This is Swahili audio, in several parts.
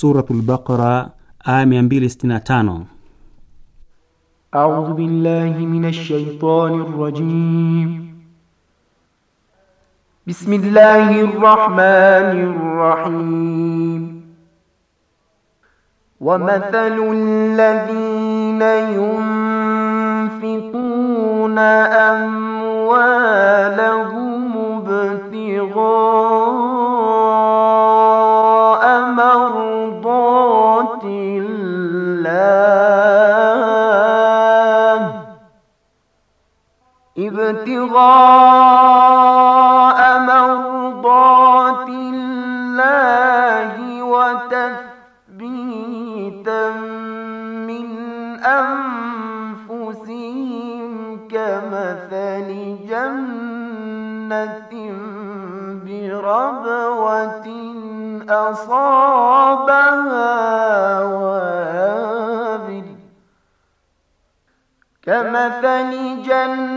Suratul Baqara aya 265. A'udhu billahi minash shaitanir rajim. Bismillahir rahmanir rahim. ومثل الذين ينفقون أموالهم ابتغاء مرضات الله وتثبيتا من أنفسهم كمثل جنة بربوة أصابها وابل كمثل جنة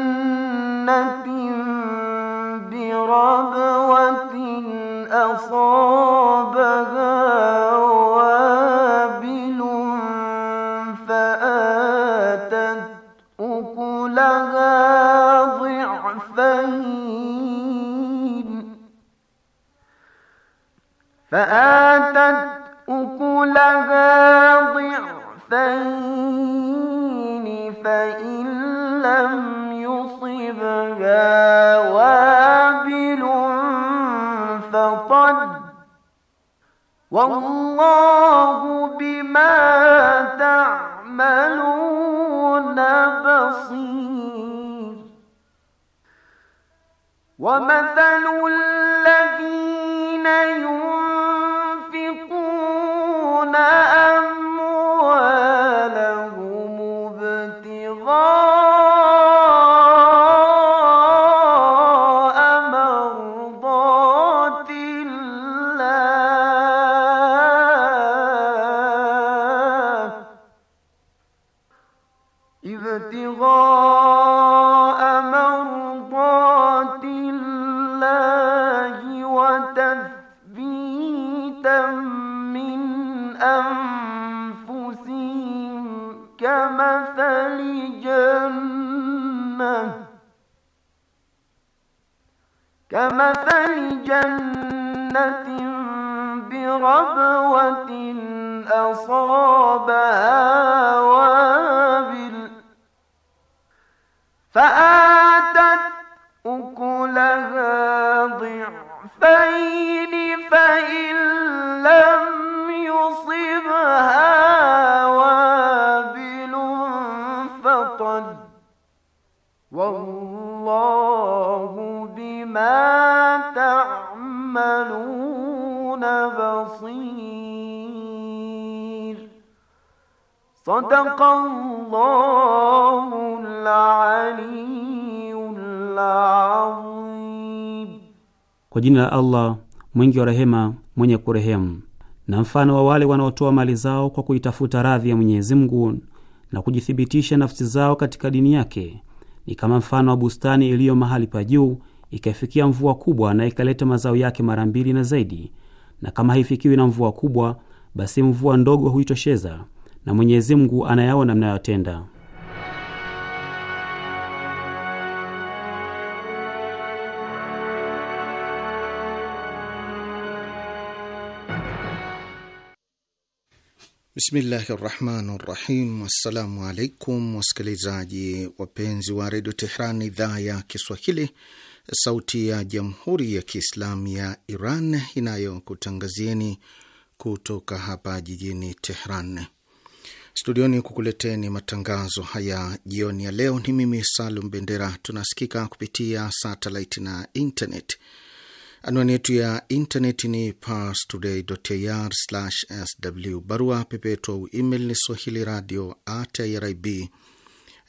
أنفسهم كمثل جنة كمثل جنة بربوة أصابها وابل فآل بصير صدق الله العلي العظيم Kwa jina la Allah mwingi wa rehema mwenye kurehemu. Na mfano wa wale wanaotoa mali zao kwa kuitafuta radhi ya Mwenyezi Mungu na kujithibitisha nafsi zao katika dini yake ni kama mfano wa bustani iliyo mahali pa juu, ikaifikia mvua kubwa na ikaleta mazao yake mara mbili na zaidi na kama haifikiwi na mvua kubwa, basi mvua ndogo huitosheza, na Mwenyezi Mungu anayaona mnayotenda. Bismillahi rahmani rahim. Assalamu alaikum wasikilizaji wapenzi wa redio Tehran, idhaa ya Kiswahili, Sauti ya Jamhuri ya Kiislamu ya Iran inayokutangazieni kutoka hapa jijini Tehran studioni kukuleteni matangazo haya jioni ya leo. Ni mimi Salum Bendera. Tunasikika kupitia satelit na internet. Anwani yetu ya internet ni parstoday.ir/sw, barua pepe au email ni swahili radio at irib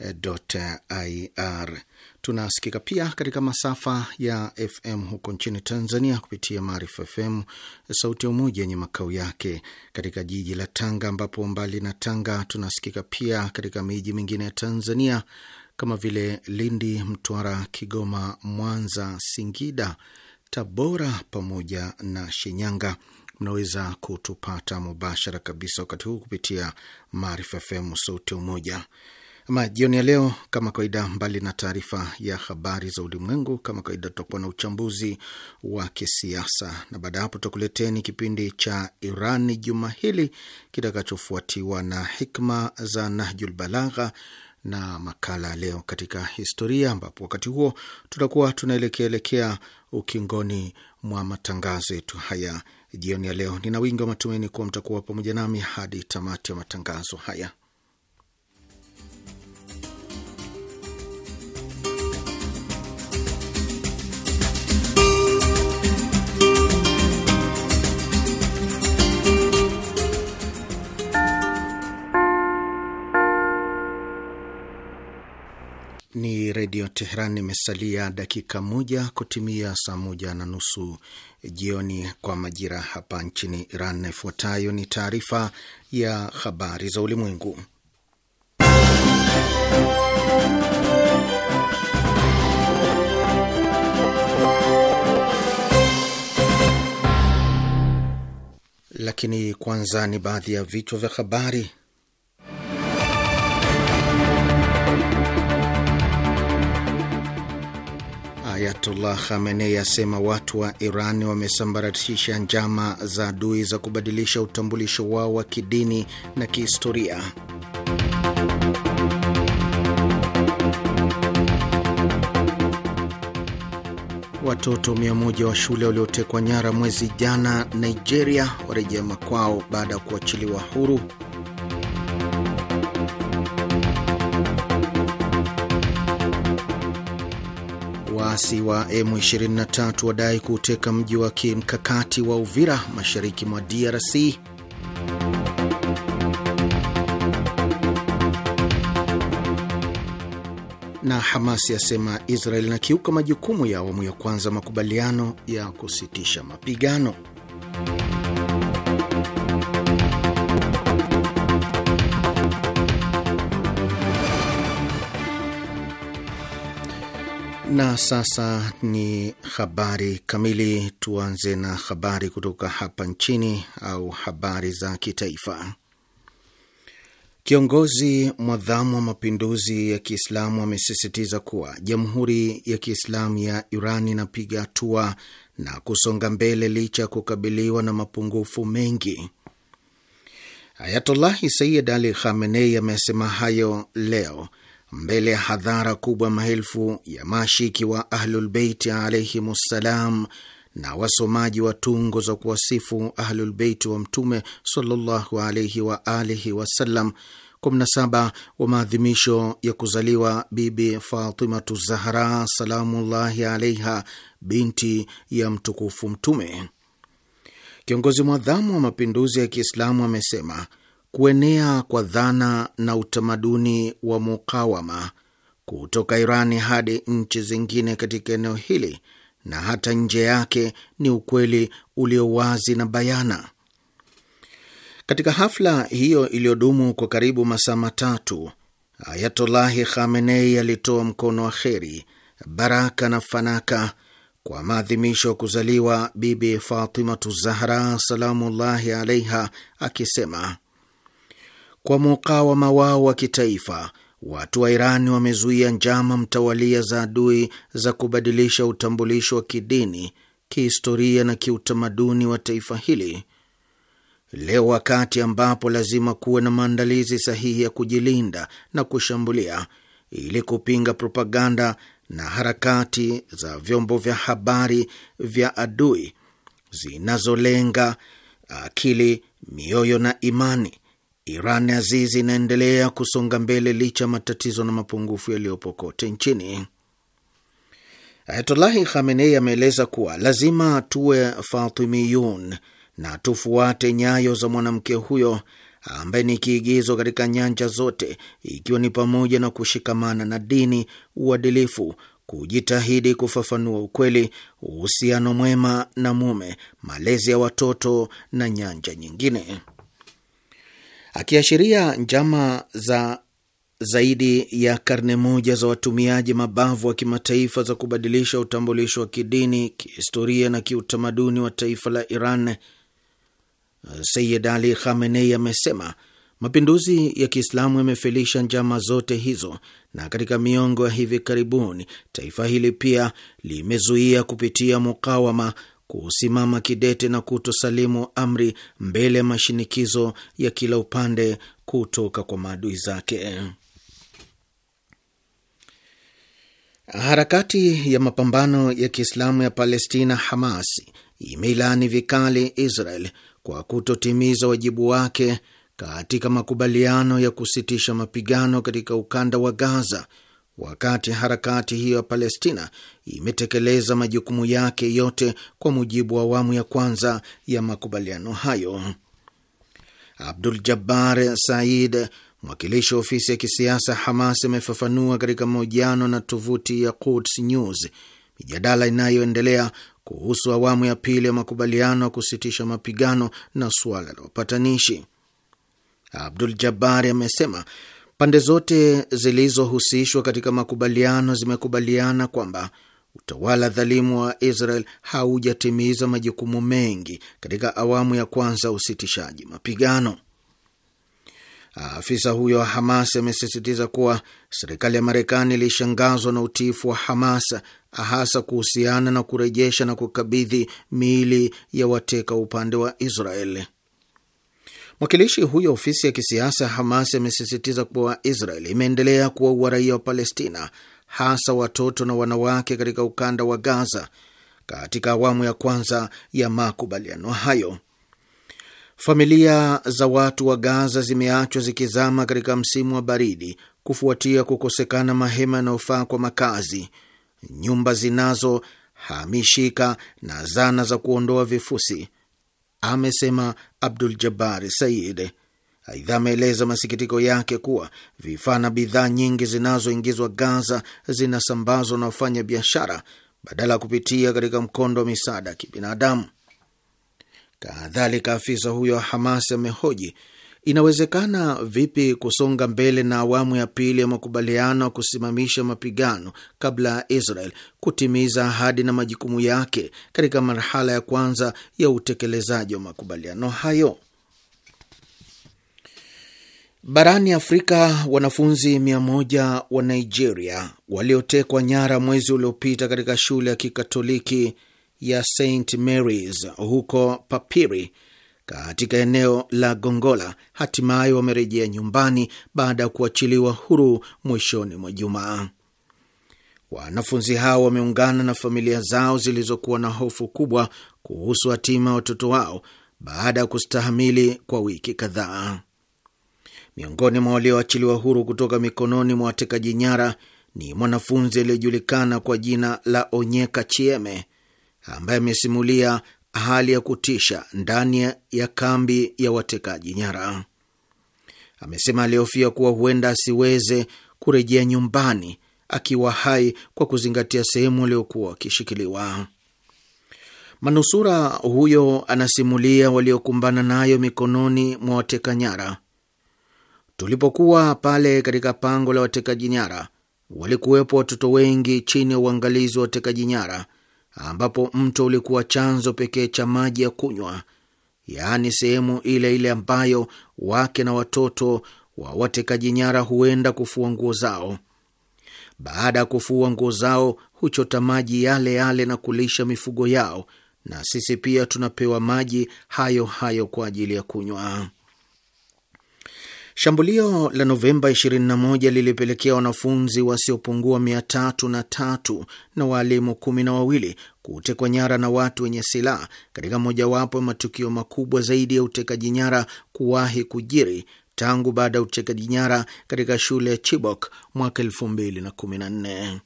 Eh, ir. Tunasikika pia katika masafa ya FM huko nchini Tanzania kupitia Maarifa FM sauti ya Umoja yenye makao yake katika jiji la Tanga, ambapo mbali na Tanga tunasikika pia katika miji mingine ya Tanzania kama vile Lindi, Mtwara, Kigoma, Mwanza, Singida, Tabora pamoja na Shinyanga. Mnaweza kutupata mubashara kabisa wakati huu kupitia Maarifa FM sauti ya Umoja majioni jioni ya leo, kama kawaida, mbali na taarifa ya habari za ulimwengu, kama kawaida, tutakuwa na uchambuzi wa kisiasa na baada ya hapo tutakuleteni kipindi cha Iran juma hili kitakachofuatiwa na hikma za Nahjul Balagha na makala leo katika historia, ambapo wakati huo tutakuwa tunaelekeaelekea ukingoni mwa matangazo yetu haya jioni ya leo. Nina wingi wa matumaini kuwa mtakuwa pamoja nami hadi tamati ya matangazo haya. Ni Redio Teheran. Imesalia dakika moja kutimia saa moja na nusu jioni kwa majira hapa nchini Iran, na ifuatayo ni taarifa ya habari za ulimwengu. Lakini kwanza ni baadhi ya vichwa vya habari. Ayatullah Khamenei asema watu wa Iran wamesambaratisha njama za adui za kubadilisha utambulisho wao wa kidini na kihistoria. Watoto mia moja wa shule waliotekwa nyara mwezi jana Nigeria warejea makwao baada ya kuachiliwa huru. Waasi wa M23 wadai kuuteka mji wa kimkakati wa Uvira mashariki mwa DRC. Na Hamas yasema Israel inakiuka majukumu ya awamu ya kwanza makubaliano ya kusitisha mapigano. Na sasa ni habari kamili. Tuanze na habari kutoka hapa nchini au habari za kitaifa. Kiongozi mwadhamu wa mapinduzi ya Kiislamu amesisitiza kuwa Jamhuri ya Kiislamu ya Iran inapiga hatua na kusonga mbele licha ya kukabiliwa na mapungufu mengi. Ayatullahi Sayyid Ali Khamenei amesema hayo leo mbele ya hadhara kubwa, maelfu ya mashiki wa Ahlulbeiti ssalam na wasomaji wa tungo za kuwasifu Ahlulbeiti wa Mtume sallallahu alaihi wa alihi wasallam kwa mnasaba wa maadhimisho ya kuzaliwa Bibi Fatimatu Zahra salamullahi alaiha, binti ya mtukufu Mtume. Kiongozi mwadhamu wa mapinduzi ya Kiislamu amesema kuenea kwa dhana na utamaduni wa mukawama kutoka Irani hadi nchi zingine katika eneo hili na hata nje yake ni ukweli ulio wazi na bayana. Katika hafla hiyo iliyodumu kwa karibu masaa matatu, Ayatolahi Khamenei alitoa mkono wa kheri, baraka na fanaka kwa maadhimisho ya kuzaliwa Bibi Fatimatu Zahra salamullahi alaiha, akisema kwa mukawama wao wa kitaifa, watu wa Irani wamezuia njama mtawalia za adui za kubadilisha utambulisho wa kidini, kihistoria na kiutamaduni wa taifa hili. Leo wakati ambapo lazima kuwe na maandalizi sahihi ya kujilinda na kushambulia ili kupinga propaganda na harakati za vyombo vya habari vya adui zinazolenga akili, mioyo na imani Iran azizi inaendelea kusonga mbele licha ya matatizo na mapungufu yaliyopo kote nchini. Ayatolahi Khamenei ameeleza kuwa lazima tuwe Fatimiyun na tufuate nyayo za mwanamke huyo ambaye ni kiigizo katika nyanja zote, ikiwa ni pamoja na kushikamana na dini, uadilifu, kujitahidi kufafanua ukweli, uhusiano mwema na mume, malezi ya watoto na nyanja nyingine akiashiria njama za zaidi ya karne moja za watumiaji mabavu wa kimataifa za kubadilisha utambulisho wa kidini, kihistoria na kiutamaduni wa taifa la Iran, Sayyid Ali Khamenei amesema mapinduzi ya Kiislamu yamefelisha njama zote hizo, na katika miongo ya hivi karibuni taifa hili pia limezuia kupitia mukawama kusimama kidete na kutosalimu amri mbele ya mashinikizo ya kila upande kutoka kwa maadui zake. Harakati ya mapambano ya Kiislamu ya Palestina, Hamas, imeilani vikali Israel kwa kutotimiza wajibu wake katika makubaliano ya kusitisha mapigano katika ukanda wa Gaza wakati harakati hiyo ya Palestina imetekeleza majukumu yake yote kwa mujibu wa awamu ya kwanza ya makubaliano hayo. Abdul Jabbar Said, mwakilishi wa ofisi ya kisiasa Hamas, amefafanua katika mahojiano na tovuti ya Quds News mijadala inayoendelea kuhusu awamu ya pili ya makubaliano ya kusitisha mapigano na suala la upatanishi. Abdul Jabari amesema Pande zote zilizohusishwa katika makubaliano zimekubaliana kwamba utawala dhalimu wa Israel haujatimiza majukumu mengi katika awamu ya kwanza ya usitishaji mapigano. Afisa huyo wa Hamas amesisitiza kuwa serikali ya Marekani ilishangazwa na utiifu wa Hamas, hasa kuhusiana na kurejesha na kukabidhi miili ya wateka upande wa Israel. Mwakilishi huyo ofisi ya kisiasa Hamas amesisitiza kuwa Israel imeendelea kuwaua raia wa Palestina, hasa watoto na wanawake katika ukanda wa Gaza katika awamu ya kwanza ya makubaliano hayo. Familia za watu wa Gaza zimeachwa zikizama katika msimu wa baridi kufuatia kukosekana mahema yanayofaa kwa makazi, nyumba zinazohamishika na zana za kuondoa vifusi amesema Abdul Jabari Said. Aidha, ameeleza masikitiko yake kuwa vifaa na bidhaa nyingi zinazoingizwa Gaza zinasambazwa na wafanya biashara badala ya kupitia katika mkondo wa misaada ya kibinadamu. Kadhalika, afisa huyo wa Hamas amehoji Inawezekana vipi kusonga mbele na awamu ya pili ya makubaliano ya kusimamisha mapigano kabla ya Israel kutimiza ahadi na majukumu yake katika marhala ya kwanza ya utekelezaji wa makubaliano hayo? Barani Afrika, wanafunzi mia moja wa Nigeria waliotekwa nyara mwezi uliopita katika shule ya kikatoliki ya St Mary's huko Papiri katika eneo la Gongola hatimaye wamerejea nyumbani baada ya kuachiliwa huru mwishoni mwa Jumaa. Wanafunzi hao wameungana na familia zao zilizokuwa na hofu kubwa kuhusu hatima ya watoto wao baada ya kustahamili kwa wiki kadhaa. Miongoni mwa walioachiliwa huru kutoka mikononi mwa watekaji nyara ni mwanafunzi aliyejulikana kwa jina la Onyeka Chieme ambaye amesimulia hali ya kutisha ndani ya kambi ya watekaji nyara. Amesema alihofia kuwa huenda asiweze kurejea nyumbani akiwa hai kwa kuzingatia sehemu aliyokuwa akishikiliwa. Manusura huyo anasimulia waliokumbana nayo mikononi mwa wateka nyara. Tulipokuwa pale katika pango la watekaji nyara, walikuwepo watoto wengi chini ya uangalizi wa watekaji nyara ambapo mto ulikuwa chanzo pekee cha maji ya kunywa, yaani sehemu ile ile ambayo wake na watoto wa watekaji nyara huenda kufua nguo zao. Baada ya kufua nguo zao huchota maji yale yale na kulisha mifugo yao, na sisi pia tunapewa maji hayo hayo kwa ajili ya kunywa. Shambulio la Novemba 21 lilipelekea wanafunzi wasiopungua mia tatu na tatu na waalimu kumi na wawili kutekwa nyara na watu wenye silaha katika mojawapo ya matukio makubwa zaidi ya utekaji nyara kuwahi kujiri tangu baada ya utekaji nyara katika shule ya Chibok mwaka nne.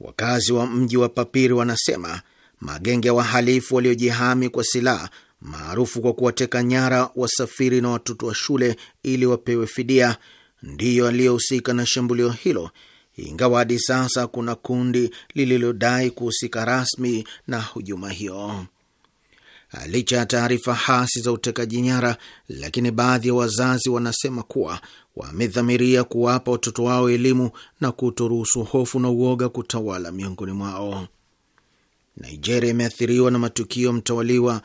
Wakazi wa mji wa Papiri wanasema magenge ya wahalifu waliojihami kwa silaha maarufu kwa kuwateka nyara wasafiri na watoto wa shule ili wapewe fidia, ndiyo aliyohusika na shambulio hilo, ingawa hadi sasa kuna kundi lililodai kuhusika rasmi na hujuma hiyo. Licha ya taarifa hasi za utekaji nyara, lakini baadhi ya wazazi wanasema kuwa wamedhamiria kuwapa watoto wao elimu na kutoruhusu hofu na uoga kutawala miongoni mwao. Nigeria imeathiriwa na matukio mtawaliwa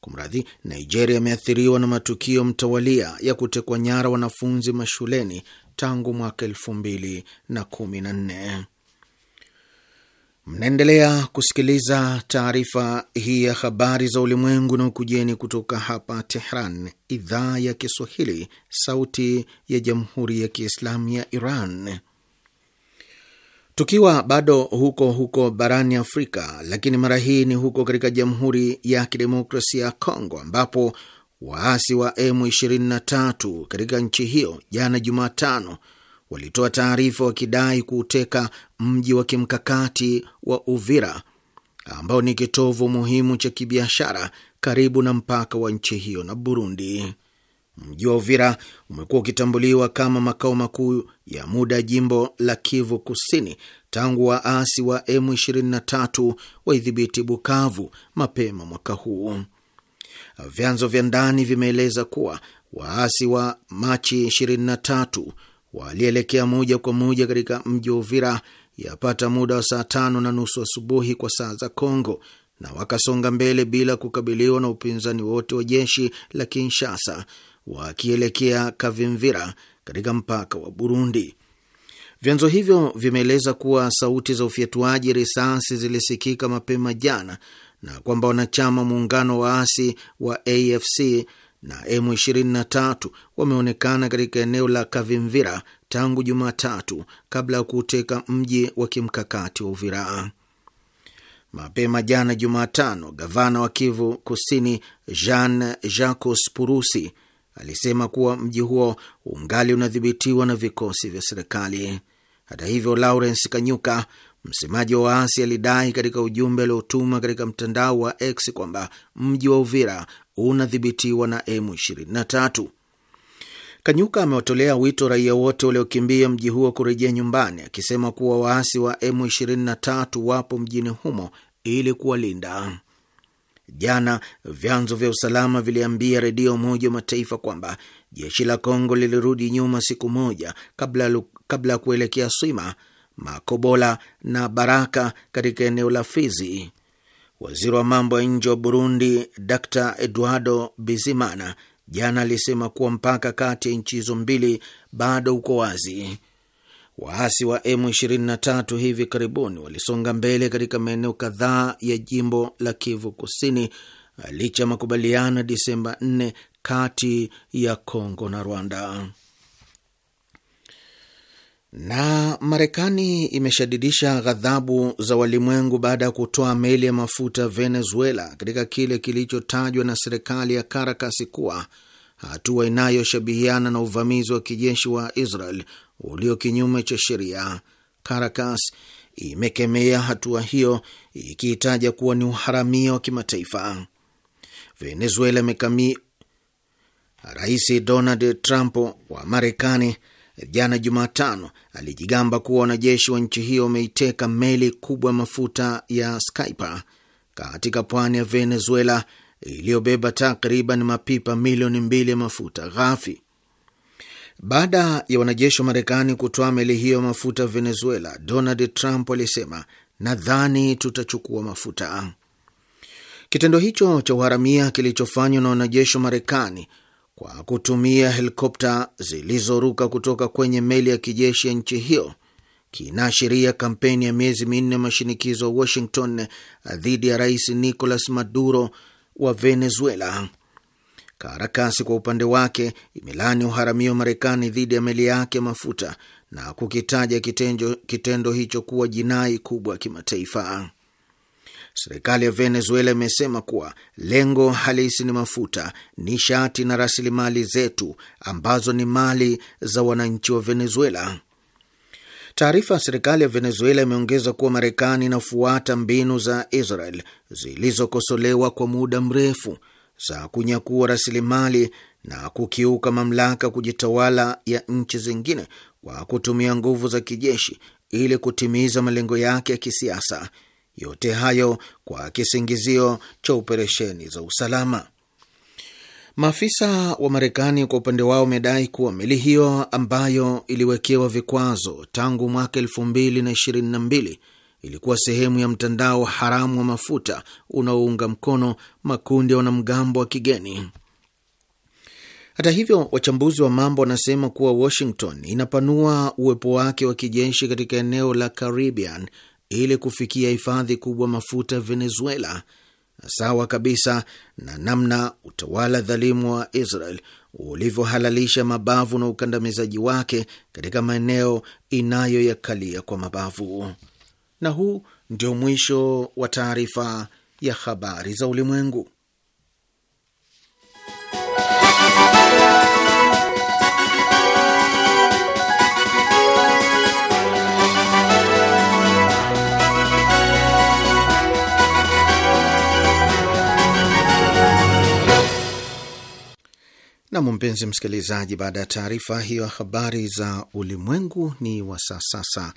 Kumradhi, Nigeria imeathiriwa na matukio mtawalia ya kutekwa nyara wanafunzi mashuleni tangu mwaka elfu mbili na kumi na nne. Mnaendelea kusikiliza taarifa hii ya habari za ulimwengu na ukujeni kutoka hapa Tehran, idhaa ya Kiswahili, sauti ya jamhuri ya kiislamu ya Iran. Tukiwa bado huko huko barani Afrika, lakini mara hii ni huko katika Jamhuri ya Kidemokrasia ya Kongo, ambapo waasi wa M23 katika nchi hiyo jana Jumatano walitoa taarifa wakidai kuuteka mji wa kimkakati wa Uvira ambao ni kitovu muhimu cha kibiashara karibu na mpaka wa nchi hiyo na Burundi. Mji wa Uvira umekuwa ukitambuliwa kama makao makuu ya muda jimbo la Kivu Kusini tangu waasi wa M23 waidhibiti Bukavu mapema mwaka huu. Vyanzo vya ndani vimeeleza kuwa waasi wa Machi 23 walielekea moja kwa moja katika mji wa Uvira yapata muda wa saa tano na nusu asubuhi kwa saa za Kongo na wakasonga mbele bila kukabiliwa na upinzani wote wa jeshi la Kinshasa wakielekea Kavimvira katika mpaka wa Burundi. Vyanzo hivyo vimeeleza kuwa sauti za ufyatuaji risasi zilisikika mapema jana na kwamba wanachama muungano waasi wa AFC na M23 wameonekana katika eneo la Kavimvira tangu Jumatatu kabla ya kuuteka mji wa kimkakati wa Uvira. Mapema jana Jumatano, gavana wa Kivu Kusini Jean Jacques Purusi alisema kuwa mji huo ungali unadhibitiwa na vikosi vya serikali. Hata hivyo, Lawrence Kanyuka, msemaji wa waasi, alidai katika ujumbe aliotuma katika mtandao wa X kwamba mji wa Uvira unadhibitiwa na M23. Kanyuka amewatolea wito raia wote waliokimbia mji huo kurejea nyumbani, akisema kuwa waasi wa M23 wapo mjini humo ili kuwalinda. Jana vyanzo vya usalama viliambia redio Umoja wa Mataifa kwamba jeshi la Kongo lilirudi nyuma siku moja kabla kabla ya kuelekea Swima, Makobola na Baraka katika eneo la Fizi. Waziri wa mambo ya nje wa Burundi Dr Eduardo Bizimana jana alisema kuwa mpaka kati ya nchi hizo mbili bado uko wazi. Waasi wa M23 hivi karibuni walisonga mbele katika maeneo kadhaa ya jimbo la Kivu Kusini licha ya makubaliano Disemba 4 kati ya Kongo na Rwanda. Na Marekani imeshadidisha ghadhabu za walimwengu baada ya kutoa meli ya mafuta Venezuela katika kile kilichotajwa na serikali ya Caracas kuwa hatua inayoshabihiana na uvamizi wa kijeshi wa Israel ulio kinyume cha sheria. Caracas imekemea hatua hiyo ikiitaja kuwa ni uharamia wa kimataifa. Venezuela imekami. Rais Donald Trump wa Marekani jana Jumatano alijigamba kuwa wanajeshi wa nchi hiyo wameiteka meli kubwa ya mafuta ya Skyper katika pwani ya Venezuela iliyobeba takriban mapipa milioni mbili ya mafuta ghafi. Baada ya wanajeshi wa Marekani kutoa meli hiyo ya mafuta Venezuela, Donald Trump alisema, nadhani tutachukua mafuta. Kitendo hicho cha uharamia kilichofanywa na wanajeshi wa Marekani kwa kutumia helikopta zilizoruka kutoka kwenye meli ya kijeshi ya nchi hiyo kinaashiria kampeni ya miezi minne mashinikizo ya Washington dhidi ya rais Nicolas Maduro wa Venezuela. Karakasi kwa upande wake imelani uharamia wa Marekani dhidi ya meli yake ya mafuta na kukitaja kitendo, kitendo hicho kuwa jinai kubwa ya kimataifa. Serikali ya Venezuela imesema kuwa lengo halisi ni mafuta, nishati na rasilimali zetu ambazo ni mali za wananchi wa Venezuela. Taarifa ya serikali ya Venezuela imeongeza kuwa Marekani inafuata mbinu za Israel zilizokosolewa kwa muda mrefu za kunyakua rasilimali na kukiuka mamlaka kujitawala ya nchi zingine kwa kutumia nguvu za kijeshi ili kutimiza malengo yake ya kisiasa, yote hayo kwa kisingizio cha operesheni za usalama. Maafisa wa Marekani kwa upande wao wamedai kuwa meli hiyo ambayo iliwekewa vikwazo tangu mwaka elfu mbili na ishirini na mbili ilikuwa sehemu ya mtandao haramu wa mafuta unaounga mkono makundi ya wanamgambo wa kigeni. Hata hivyo, wachambuzi wa mambo wanasema kuwa Washington inapanua uwepo wake wa kijeshi katika eneo la Caribbean ili kufikia hifadhi kubwa mafuta Venezuela sawa kabisa na namna utawala dhalimu wa Israel ulivyohalalisha mabavu na ukandamizaji wake katika maeneo inayoyakalia kwa mabavu. Na huu ndio mwisho wa taarifa ya habari za ulimwengu. Nam, mpenzi msikilizaji, baada ya taarifa hiyo habari za ulimwengu, ni wasaa sasa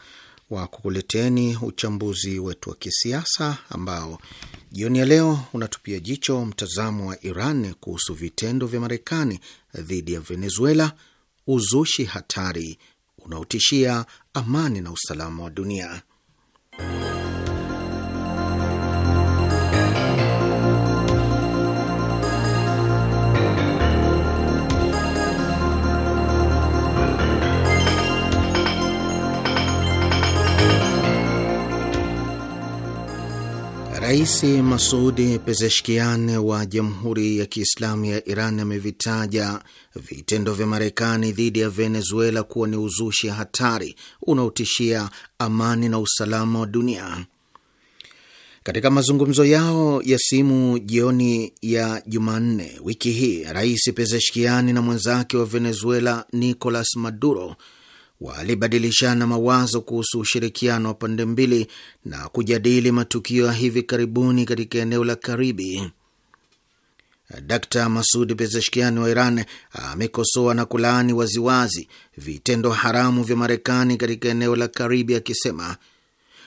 wa kukuleteni uchambuzi wetu wa kisiasa ambao jioni ya leo unatupia jicho mtazamo wa Iran kuhusu vitendo vya Marekani dhidi ya Venezuela, uzushi hatari unaotishia amani na usalama wa dunia. Rais Masudi Pezeshkian wa Jamhuri ya Kiislamu ya Iran amevitaja vitendo vya Marekani dhidi ya Venezuela kuwa ni uzushi hatari unaotishia amani na usalama wa dunia. Katika mazungumzo yao ya simu jioni ya Jumanne wiki hii, Rais Pezeshkiani na mwenzake wa Venezuela Nicolas Maduro walibadilishana mawazo kuhusu ushirikiano wa pande mbili na kujadili matukio ya hivi karibuni katika eneo la Karibi. Dkt Masud Pezeshkiani wa Iran amekosoa na kulaani waziwazi vitendo haramu vya Marekani katika eneo la Karibi akisema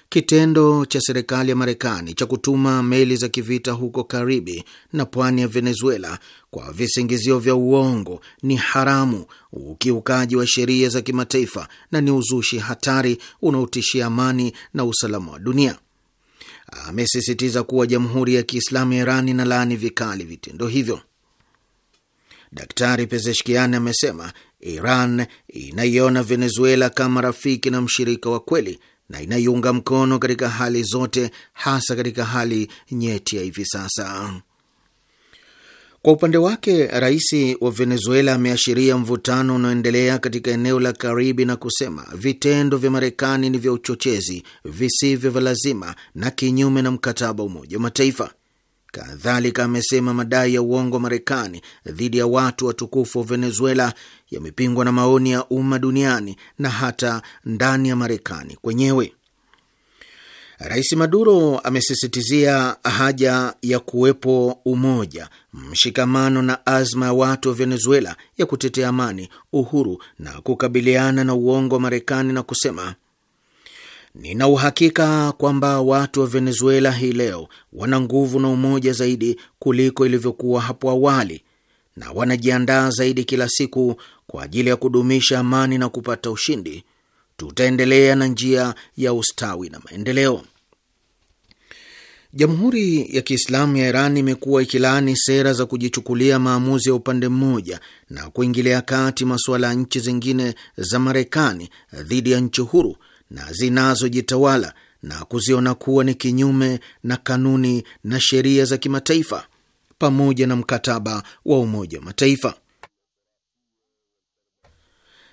Kitendo cha serikali ya Marekani cha kutuma meli za kivita huko Karibi na pwani ya Venezuela kwa visingizio vya uongo ni haramu, ukiukaji wa sheria za kimataifa na ni uzushi hatari unaotishia amani na usalama wa dunia. Amesisitiza kuwa Jamhuri ya Kiislamu ya Iran inalaani vikali vitendo hivyo. Daktari Pezeshkian amesema Iran inaiona Venezuela kama rafiki na mshirika wa kweli na inaiunga mkono katika hali zote, hasa katika hali nyeti ya hivi sasa. Kwa upande wake, rais wa Venezuela ameashiria mvutano unaoendelea katika eneo la Karibi na kusema vitendo vya Marekani ni vya uchochezi visivyo vya lazima na kinyume na mkataba wa Umoja wa Mataifa. Kadhalika amesema madai ya uongo Marekani dhidi ya watu watukufu wa Venezuela yamepingwa na maoni ya umma duniani na hata ndani ya Marekani kwenyewe. Rais Maduro amesisitizia haja ya kuwepo umoja, mshikamano na azma ya watu wa Venezuela ya kutetea amani, uhuru na kukabiliana na uongo wa Marekani na kusema Nina uhakika kwamba watu wa Venezuela hii leo wana nguvu na umoja zaidi kuliko ilivyokuwa hapo awali na wanajiandaa zaidi kila siku kwa ajili ya kudumisha amani na kupata ushindi. Tutaendelea na njia ya ustawi na maendeleo. Jamhuri ya Kiislamu ya Iran imekuwa ikilaani sera za kujichukulia maamuzi ya upande mmoja na kuingilia kati masuala ya nchi zingine za Marekani dhidi ya nchi huru na zinazojitawala na kuziona kuwa ni kinyume na kanuni na sheria za kimataifa pamoja na mkataba wa Umoja wa Mataifa.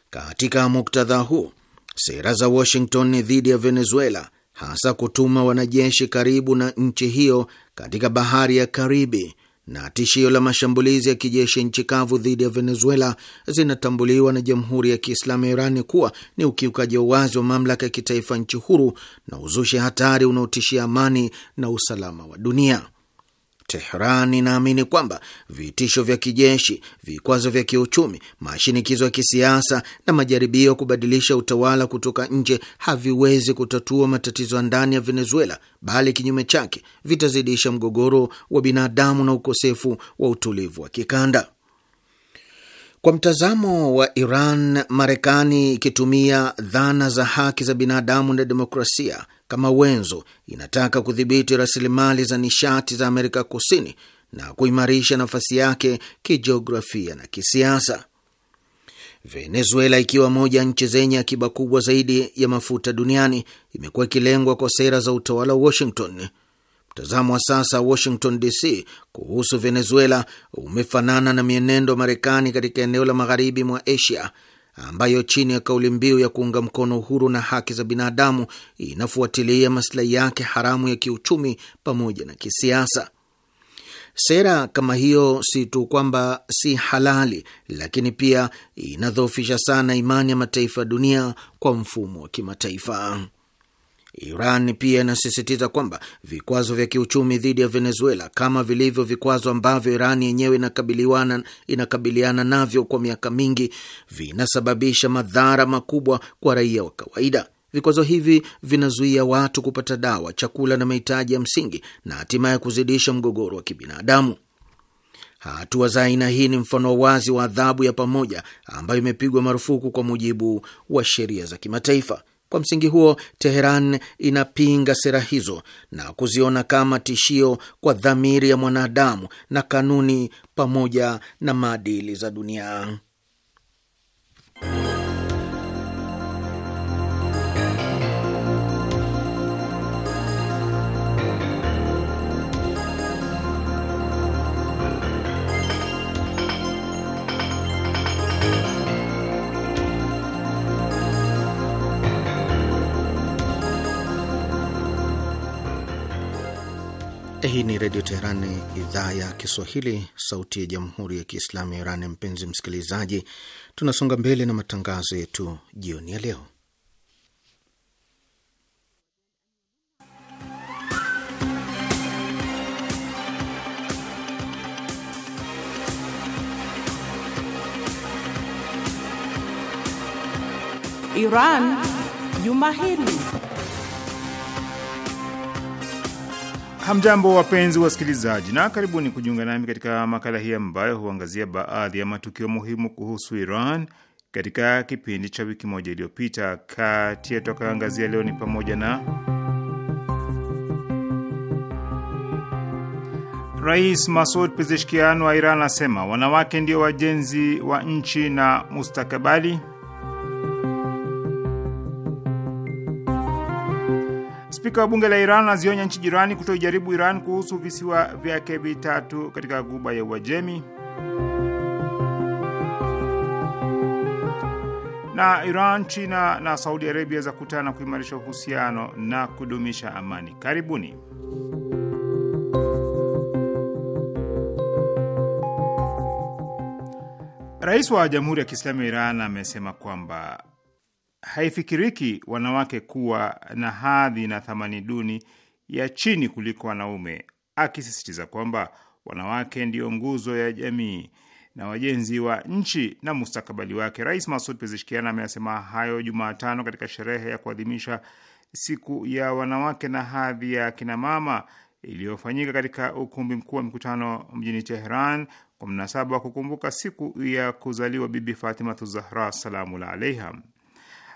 Katika muktadha huu, sera za Washington dhidi ya Venezuela, hasa kutuma wanajeshi karibu na nchi hiyo katika bahari ya Karibi, na tishio la mashambulizi ya kijeshi nchi kavu dhidi ya Venezuela zinatambuliwa na Jamhuri ya Kiislamu ya Iran kuwa ni ukiukaji wa wazi wa mamlaka ya kitaifa nchi huru na uzushi hatari unaotishia amani na usalama wa dunia. Tehran inaamini kwamba vitisho vya kijeshi, vikwazo vya kiuchumi, mashinikizo ya kisiasa na majaribio ya kubadilisha utawala kutoka nje haviwezi kutatua matatizo ya ndani ya Venezuela, bali kinyume chake vitazidisha mgogoro wa binadamu na ukosefu wa utulivu wa kikanda. Kwa mtazamo wa Iran, Marekani ikitumia dhana za haki za binadamu na demokrasia kama wenzo inataka kudhibiti rasilimali za nishati za Amerika Kusini na kuimarisha nafasi yake kijiografia na kisiasa. Venezuela, ikiwa moja ya nchi zenye akiba kubwa zaidi ya mafuta duniani, imekuwa ikilengwa kwa sera za utawala wa Washington. Mtazamo wa sasa Washington DC kuhusu Venezuela umefanana na mienendo Marekani katika eneo la magharibi mwa Asia ambayo chini ya kauli mbiu ya kuunga mkono uhuru na haki za binadamu inafuatilia maslahi yake haramu ya kiuchumi pamoja na kisiasa. Sera kama hiyo si tu kwamba si halali, lakini pia inadhoofisha sana imani ya mataifa ya dunia kwa mfumo wa kimataifa. Iran pia inasisitiza kwamba vikwazo vya kiuchumi dhidi ya Venezuela kama vilivyo vikwazo ambavyo Iran yenyewe inakabiliana, inakabiliana navyo kwa miaka mingi vinasababisha madhara makubwa kwa raia wa kawaida. Vikwazo hivi vinazuia watu kupata dawa, chakula na mahitaji ya msingi na hatimaye kuzidisha mgogoro wa kibinadamu. Hatua za aina hii ni mfano wa wazi wa adhabu ya pamoja ambayo imepigwa marufuku kwa mujibu wa sheria za kimataifa. Kwa msingi huo, Teheran inapinga sera hizo na kuziona kama tishio kwa dhamiri ya mwanadamu na kanuni pamoja na maadili za dunia. Hii ni Redio Teherani, idhaa ya Kiswahili, sauti ya jamhuri ya kiislamu ya Iran. Mpenzi msikilizaji, tunasonga mbele na matangazo yetu jioni ya leo. Iran Juma Hili. Hamjambo, wapenzi wasikilizaji, na karibuni kujiunga nami katika makala hii ambayo huangazia baadhi ya matukio muhimu kuhusu Iran katika kipindi cha wiki moja iliyopita. Kati yetu akaangazia leo ni pamoja na Rais Masud Pezeshkian wa Iran anasema wanawake ndio wajenzi wa nchi na mustakabali Spika wa bunge la Iran azionya nchi jirani kutoijaribu Iran kuhusu visiwa vyake vitatu katika guba ya Uajemi. Na Iran, China na Saudi Arabia za kutana kuimarisha uhusiano na kudumisha amani. Karibuni. Rais wa Jamhuri ya Kiislamu ya Iran amesema kwamba haifikiriki wanawake kuwa na hadhi na thamani duni ya chini kuliko wanaume, akisisitiza kwamba wanawake ndiyo nguzo ya jamii na wajenzi wa nchi na mustakabali wake. Rais Masud Pezeshkian ameyasema hayo Jumatano katika sherehe ya kuadhimisha siku ya wanawake na hadhi ya kinamama iliyofanyika katika ukumbi mkuu wa mikutano mjini Teheran kwa mnasaba wa kukumbuka siku ya kuzaliwa Bibi Fatimatu Zahra salamu la alaiha.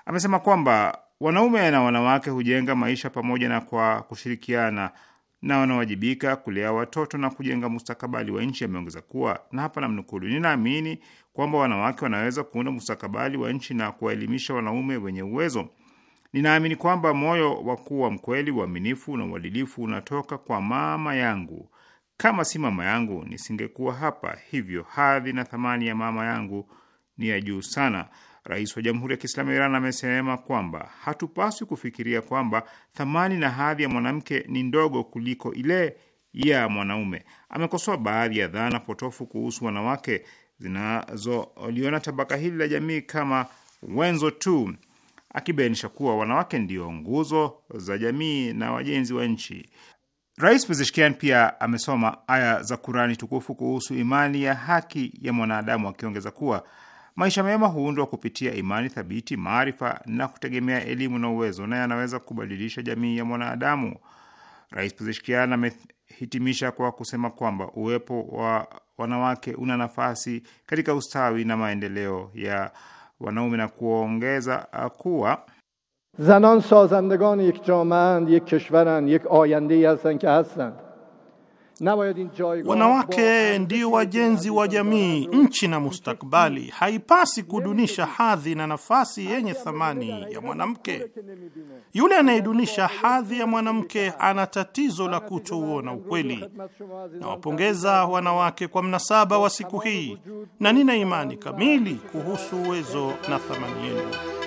Amesema kwamba wanaume na wanawake hujenga maisha pamoja na kwa kushirikiana na wanawajibika kulea watoto na kujenga mustakabali wa nchi. Ameongeza kuwa na hapa namnukulu, ninaamini kwamba wanawake wanaweza kuunda mustakabali wa nchi na kuwaelimisha wanaume wenye uwezo. Ninaamini kwamba moyo wa kuwa mkweli, uaminifu na uadilifu unatoka kwa mama yangu. Kama si mama yangu nisingekuwa hapa, hivyo hadhi na thamani ya mama yangu ni ya juu sana. Rais wa Jamhuri ya Kiislamu ya Iran amesema kwamba hatupaswi kufikiria kwamba thamani na hadhi ya mwanamke ni ndogo kuliko ile ya mwanaume. Amekosoa baadhi ya dhana potofu kuhusu wanawake zinazoliona tabaka hili la jamii kama wenzo tu, akibainisha kuwa wanawake ndio nguzo za jamii na wajenzi wa nchi. Rais Pezeshkian pia amesoma aya za Kurani tukufu kuhusu imani ya haki ya mwanadamu, akiongeza kuwa Maisha mema huundwa kupitia imani thabiti, maarifa na kutegemea elimu na uwezo, na yanaweza kubadilisha jamii ya mwanadamu. Rais Pezeshkian amehitimisha kwa kusema kwamba uwepo wa wanawake una nafasi katika ustawi na maendeleo ya wanaume na kuongeza kuwa zanan sazandagan yek jamaand yek kishwaran yek ayande hastan ke hastan Wanawake ndio wajenzi wa jamii, nchi na mustakbali. Haipasi kudunisha hadhi na nafasi yenye thamani ya mwanamke. Yule anayedunisha hadhi ya mwanamke ana tatizo la kutouona ukweli. Nawapongeza wanawake kwa mnasaba wa siku hii na nina imani kamili kuhusu uwezo na thamani yenu.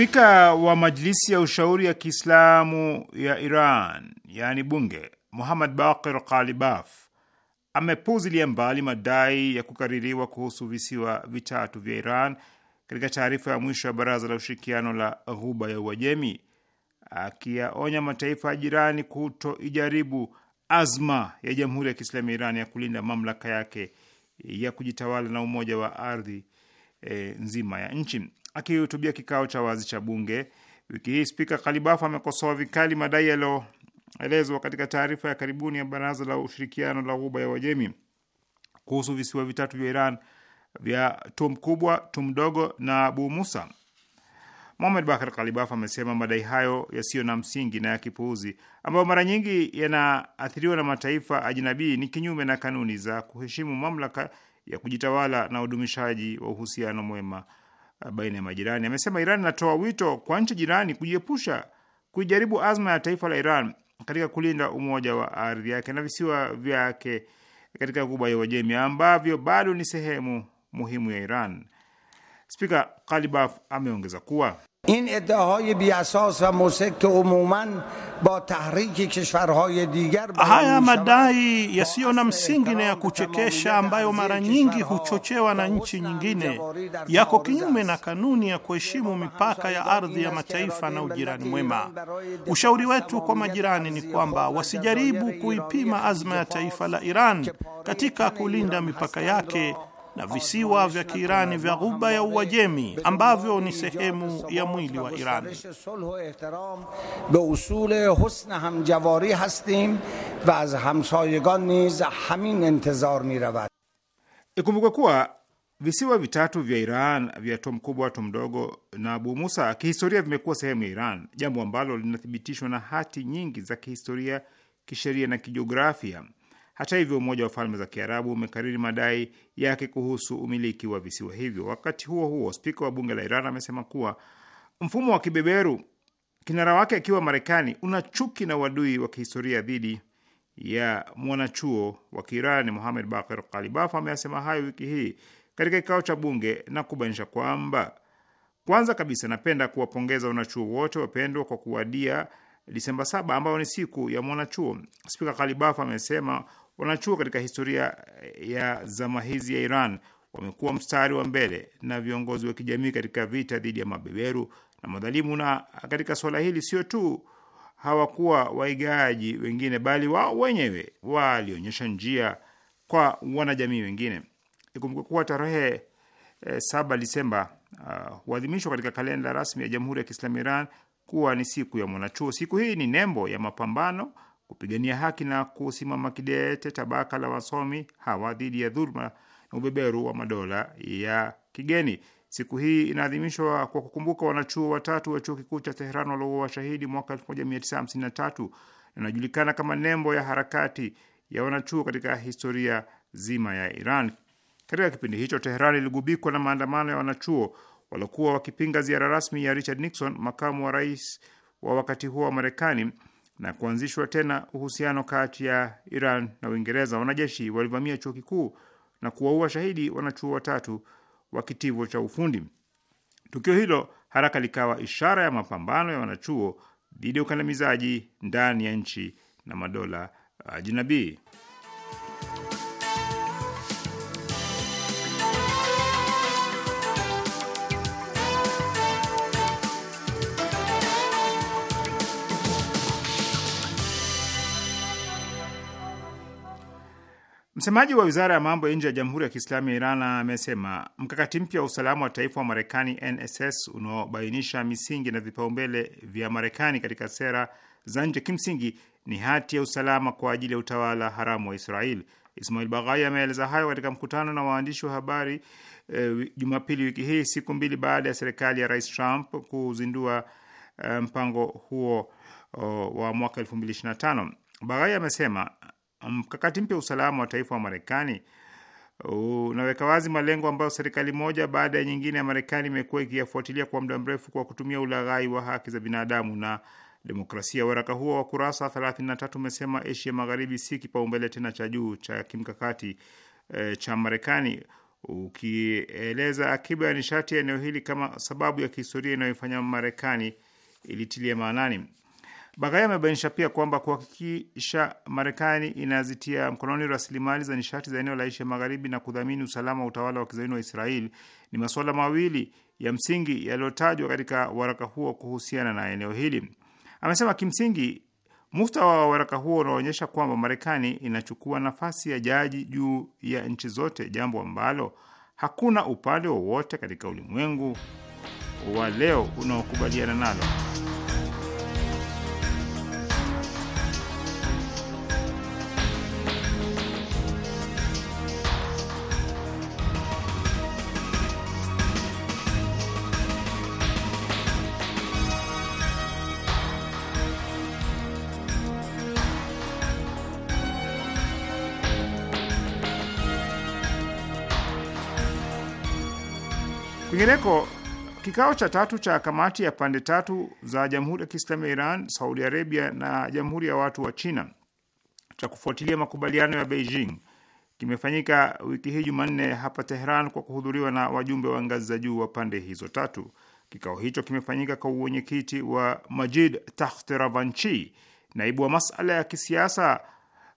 Spika wa Majlisi ya Ushauri ya Kiislamu ya Iran, yaani bunge, Muhammad Baqir Qalibaf amepuzilia mbali madai ya kukaririwa kuhusu visiwa vitatu vya Iran katika taarifa ya mwisho ya Baraza la Ushirikiano la Ghuba ya Uajemi, akiyaonya mataifa ya jirani kutoijaribu azma ya Jamhuri ya Kiislamu ya Iran ya kulinda mamlaka yake ya kujitawala na umoja wa ardhi e, nzima ya nchi. Akihutubia kikao cha wazi cha bunge wiki hii, spika Kalibafu amekosoa vikali madai yaliyoelezwa katika taarifa ya karibuni ya baraza la ushirikiano la Ghuba ya Uajemi kuhusu visiwa vitatu vya Iran vya Tum Kubwa, Tum Dogo na Abu Musa. Mohamed Bakar Kalibaf amesema madai hayo yasiyo na msingi na ya kipuuzi ambayo mara nyingi yanaathiriwa na mataifa ajinabii ni kinyume na kanuni za kuheshimu mamlaka ya kujitawala na udumishaji wa uhusiano mwema baina ya majirani. Amesema Iran inatoa wito kwa nchi jirani kujiepusha kujaribu azma ya taifa la Iran katika kulinda umoja wa ardhi yake na visiwa vyake katika Ghuba ya Uajemi ambavyo bado ni sehemu muhimu ya Iran. Spika Kalibaf ameongeza kuwa این ادعاهای بیاساس و موسک که عموما با tahriki kishwarhaye digar. Haya madai yasiyo na msingi na ya kuchekesha ambayo mara nyingi huchochewa na nchi nyingine yako kinyume na kanuni ya kuheshimu mipaka ya ardhi ya mataifa na ujirani mwema. Ushauri wetu kwa majirani ni kwamba wasijaribu kuipima azma ya taifa la Iran katika kulinda mipaka yake na visiwa vya Kiirani vya Ghuba ya Uajemi ambavyo ni sehemu ya mwili wa Irani. hamjawari hastim az hamsayegan niz hamin intizar miravad. Ikumbukwe kuwa visiwa vitatu vya Iran vya Tom Kubwa, Tom Mdogo na Abu Musa kihistoria vimekuwa sehemu ya Iran, jambo ambalo linathibitishwa na hati nyingi za kihistoria, kisheria na kijiografia. Hata hivyo, Umoja wa Falme za Kiarabu umekariri madai yake kuhusu umiliki wa visiwa hivyo. Wakati huo huo, spika wa bunge la Iran amesema kuwa mfumo wa kibeberu, kinara wake akiwa Marekani, una chuki na uadui wa kihistoria dhidi ya mwanachuo wa Kiirani Muhamed Bakir Kalibaf. ameasema hayo wiki hii katika kikao cha bunge na kubainisha kwamba kwanza kabisa napenda kuwapongeza wanachuo wote wapendwa kwa kuwadia Disemba saba ambayo ni siku ya mwanachuo. Spika Kalibaf amesema Wanachuo katika historia eh, ya zama hizi ya Iran wamekuwa mstari wa mbele na viongozi wa kijamii katika vita dhidi ya mabeberu na madhalimu, na katika suala hili sio tu hawakuwa waigaji wengine, bali wao wenyewe walionyesha njia kwa wanajamii wengine. Ikumbuka kuwa tarehe e, saba Disemba ah, huadhimishwa uh, katika kalenda rasmi ya Jamhuri ya Kiislamu Iran kuwa ni siku ya mwanachuo. Siku hii ni nembo ya mapambano kupigania haki na kusimama kidete tabaka la wasomi hawa dhidi ya dhuluma na ubeberu wa madola ya kigeni. Siku hii inaadhimishwa kwa kukumbuka wanachuo watatu wa chuo kikuu cha Teheran walio washahidi mwaka 1953 na inajulikana kama nembo ya harakati ya wanachuo katika historia zima ya Iran. Katika kipindi hicho, Teheran iligubikwa na maandamano ya wanachuo waliokuwa wakipinga ziara rasmi ya Richard Nixon, makamu wa rais wa wakati huo wa Marekani na kuanzishwa tena uhusiano kati ya Iran na Uingereza, wanajeshi walivamia chuo kikuu na kuwaua shahidi wanachuo watatu wa kitivo cha ufundi. Tukio hilo haraka likawa ishara ya mapambano ya wanachuo dhidi ya ukandamizaji ndani ya nchi na madola ajinabii. Msemaji wa wizara ya mambo ya nje ya Jamhuri ya Kiislamu ya Iran amesema mkakati mpya wa usalama wa taifa wa Marekani, NSS, unaobainisha misingi na vipaumbele vya Marekani katika sera za nje, kimsingi ni hati ya usalama kwa ajili ya utawala haramu wa israel Ismail Baghai ameeleza hayo katika mkutano na waandishi wa habari e, Jumapili wiki hii, siku mbili baada ya serikali ya Rais Trump kuzindua e, mpango huo o, oh, wa mwaka 2025. Baghai amesema Mkakati mpya usalama wa taifa wa Marekani uh, unaweka wazi malengo ambayo serikali moja baada ya nyingine ya Marekani imekuwa ikiyafuatilia kwa muda mrefu kwa kutumia ulaghai wa haki za binadamu na demokrasia. Waraka huo wa kurasa 33 umesema Asia Magharibi si kipaumbele tena cha juu cha kimkakati e, cha Marekani, ukieleza akiba ya nishati ya eneo hili kama sababu ya kihistoria inayoifanya Marekani ilitilia maanani Baghai amebainisha pia kwamba kuhakikisha Marekani inazitia mkononi rasilimali za nishati za eneo la Asia Magharibi na kudhamini usalama wa utawala wa kizaini wa Israeli ni masuala mawili ya msingi yaliyotajwa katika waraka huo kuhusiana na eneo hili. Amesema kimsingi mustawa wa waraka huo unaonyesha kwamba Marekani inachukua nafasi ya jaji juu ya nchi zote, jambo ambalo hakuna upande wowote katika ulimwengu wa leo unaokubaliana nalo. Kwingineko, kikao cha tatu cha kamati ya pande tatu za Jamhuri ya Kiislamu ya Iran, Saudi Arabia na Jamhuri ya Watu wa China cha kufuatilia makubaliano ya Beijing kimefanyika wiki hii Jumanne hapa Tehran kwa kuhudhuriwa na wajumbe wa ngazi za juu wa pande hizo tatu. Kikao hicho kimefanyika kwa uwenyekiti wa Majid Takht Ravanchi, naibu wa masala ya kisiasa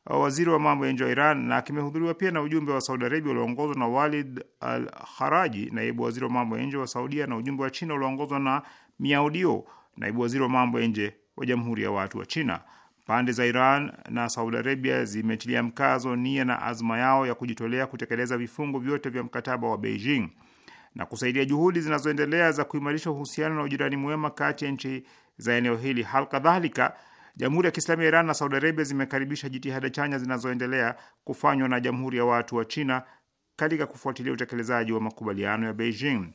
Uh, waziri wa mambo ya nje wa Iran, na kimehudhuriwa pia na ujumbe wa Saudi Arabia ulioongozwa na Walid Al Haraji, naibu waziri wa mambo ya nje wa Saudia, na ujumbe wa China ulioongozwa na Miaudio, naibu waziri wa mambo ya nje wa Jamhuri ya Watu wa China. Pande za Iran na Saudi Arabia zimetilia mkazo nia na azma yao ya kujitolea kutekeleza vifungu vyote vya mkataba wa Beijing na kusaidia juhudi zinazoendelea za kuimarisha uhusiano na ujirani mwema kati ya nchi za eneo hili. Hal kadhalika Jamhuri ya Kiislamu ya Iran na Saudi Arabia zimekaribisha jitihada chanya zinazoendelea kufanywa na Jamhuri ya Watu wa China katika kufuatilia utekelezaji wa makubaliano ya Beijing.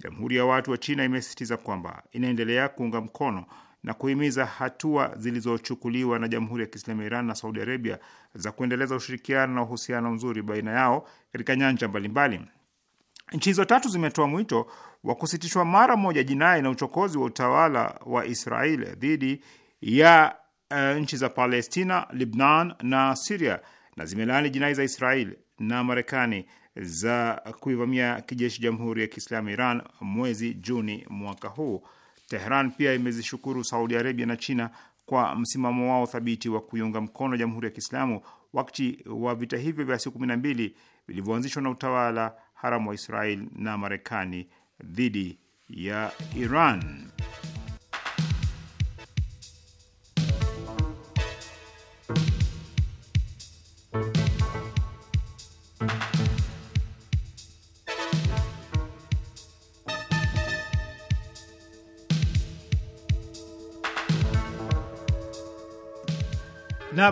Jamhuri ya Watu wa China imesisitiza kwamba inaendelea kuunga mkono na kuhimiza hatua zilizochukuliwa na Jamhuri ya Kiislamu ya Iran na Saudi Arabia za kuendeleza ushirikiano na uhusiano mzuri baina yao katika nyanja mbalimbali. Nchi hizo tatu zimetoa mwito wa kusitishwa mara moja jinai na uchokozi wa utawala wa Israel dhidi ya Eh, nchi za Palestina, Libnan na Siria na zimelaani jinai za Israel na Marekani za kuivamia kijeshi Jamhuri ya Kiislamu Iran mwezi Juni mwaka huu. Tehran pia imezishukuru Saudi Arabia na China kwa msimamo wao thabiti wa kuiunga mkono Jamhuri ya Kiislamu wakati wa vita hivyo vya siku kumi na mbili vilivyoanzishwa na utawala haramu wa Israel na Marekani dhidi ya Iran.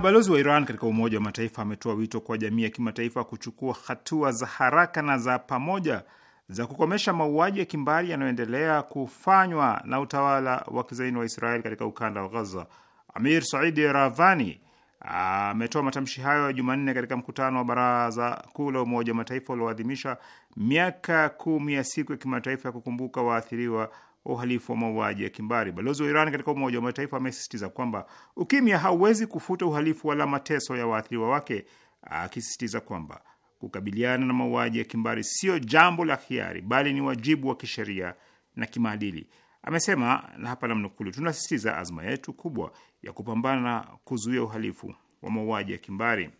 balozi wa Iran katika Umoja wa Mataifa ametoa wito kwa jamii ya kimataifa kuchukua hatua za haraka na za pamoja za kukomesha mauaji ya kimbari yanayoendelea kufanywa na utawala wa kizaini wa Israeli katika ukanda wa Gaza. Amir Saidi Ravani ametoa matamshi hayo Jumanne katika mkutano wa Baraza Kuu la Umoja wa Mataifa ulioadhimisha miaka kumi ya siku ya kimataifa ya kukumbuka waathiriwa wa uhalifu wa mauaji ya kimbari. Balozi wa Iran katika Umoja wa Mataifa amesisitiza kwamba ukimya hauwezi kufuta uhalifu wala mateso ya waathiriwa wake, akisisitiza kwamba kukabiliana na mauaji ya kimbari sio jambo la hiari, bali ni wajibu wa kisheria na kimaadili. Amesema, na hapa namnukulu, tunasisitiza azma yetu kubwa ya kupambana na kuzuia uhalifu wa mauaji ya kimbari.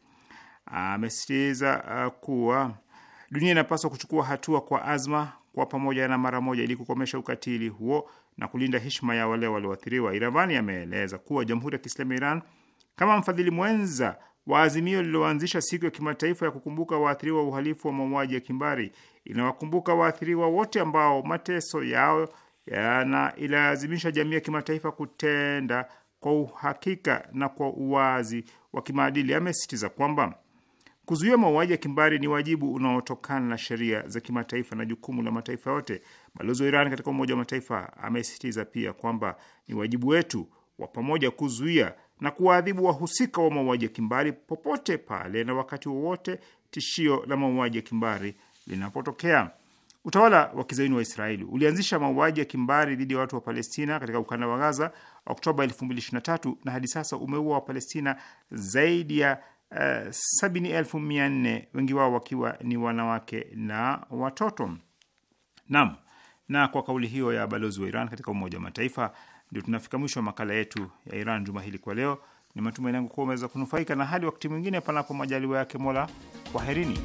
Amesisitiza uh, kuwa dunia inapaswa kuchukua hatua kwa azma kwa pamoja na mara moja ili kukomesha ukatili huo na kulinda heshima ya wale walioathiriwa. Iravani ameeleza kuwa Jamhuri ya Kiislamu ya Iran kama mfadhili mwenza wa azimio lililoanzisha siku ya kimataifa ya kukumbuka waathiriwa wa uhalifu wa mauaji ya kimbari inawakumbuka waathiriwa wote ambao mateso yao yanailazimisha jamii ya kimataifa kutenda kwa uhakika na kwa uwazi wa kimaadili. Amesisitiza kwamba Kuzuia mauaji ya kimbari ni wajibu unaotokana na sheria za kimataifa na jukumu la mataifa yote. Balozi wa Iran katika Umoja wa Mataifa amesisitiza pia kwamba ni wajibu wetu wa pamoja kuzuia na kuwaadhibu wahusika wa, mauaji ya kimbari popote pale na wakati wowote tishio la mauaji ya kimbari linapotokea. Utawala wa kizaini wa Israeli ulianzisha mauaji ya kimbari dhidi ya watu wa Palestina katika ukanda wa Gaza Oktoba 2023 na hadi sasa umeua Wapalestina zaidi ya Eh, sabini elfu mia nne wengi wao wakiwa ni wanawake na watoto. Naam, na kwa kauli hiyo ya balozi wa Iran katika Umoja wa Mataifa ndio tunafika mwisho wa makala yetu ya Iran juma hili kwa leo. Ni matumaini yangu kuwa umeweza kunufaika, na hadi wakati mwingine, panapo majaliwa yake Mola, kwaherini.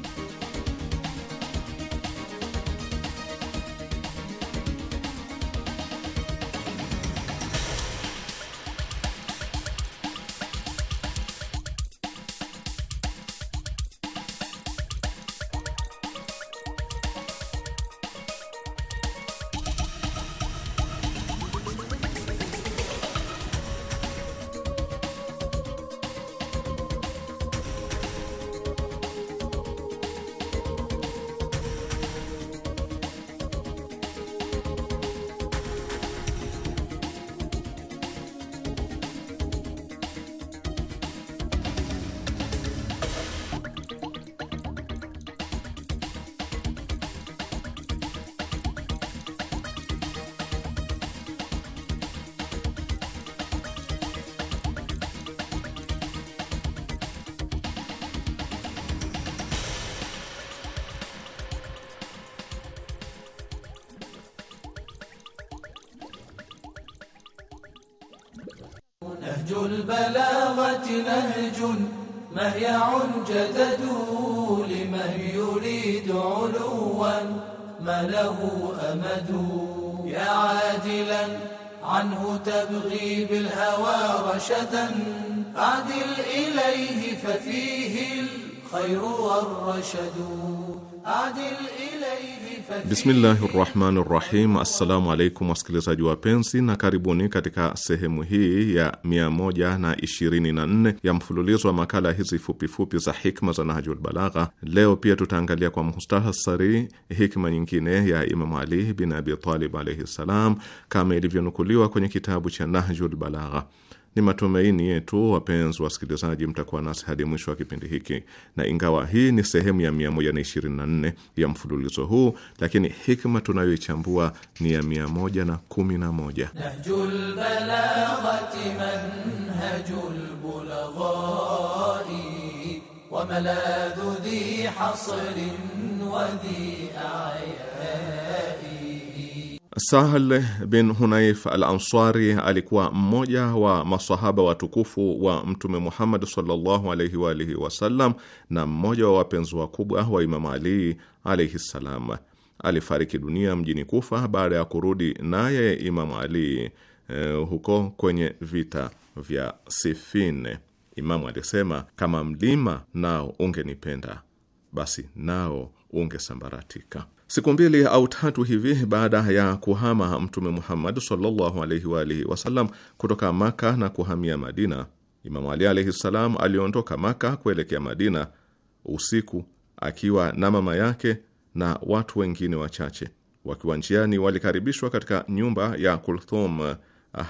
مهيع جدد لمن يريد علوا ما له أمد يا عادلا عنه تبغي بالهوى رشدا أعدل إليه ففيه الخير والرشد Bismillahi rahmani rahim. Assalamu alaikum wasikilizaji wapenzi, na karibuni katika sehemu hii ya 124 ya mfululizo wa makala hizi fupifupi za hikma za Nahjul Balagha. Leo pia tutaangalia kwa muhtasari hikma nyingine ya Imamu Ali bin Abi Talib alaihi ssalam, kama ilivyonukuliwa kwenye kitabu cha Nahjul Balagha. Ni matumaini yetu wapenzi wasikilizaji, mtakuwa nasi hadi mwisho wa kipindi hiki, na ingawa hii ni sehemu ya 124 ya mfululizo huu, lakini hikma tunayoichambua ni ya 111 Nahjul Balaghati, Manhajul Bulaghai, hasrin wa dhi a'yan Sahl bin Hunaif al Ansari alikuwa mmoja wa masahaba watukufu wa Mtume Muhammad sallallahu alaihi wa alihi wasallam na mmoja wa wapenzi wakubwa wa Imamu Ali alaihi ssalam. Alifariki dunia mjini Kufa baada ya kurudi naye Imamu Ali e, huko kwenye vita vya Sifine. Imamu alisema, kama mlima nao ungenipenda basi nao ungesambaratika. Siku mbili au tatu hivi baada ya kuhama Mtume Muhammad sallallahu alaihi wa alihi wasallam kutoka Maka na kuhamia Madina, Imamu Ali alaihi salam aliondoka Maka kuelekea Madina usiku akiwa na mama yake na watu wengine wachache. Wakiwa njiani, walikaribishwa katika nyumba ya Kulthum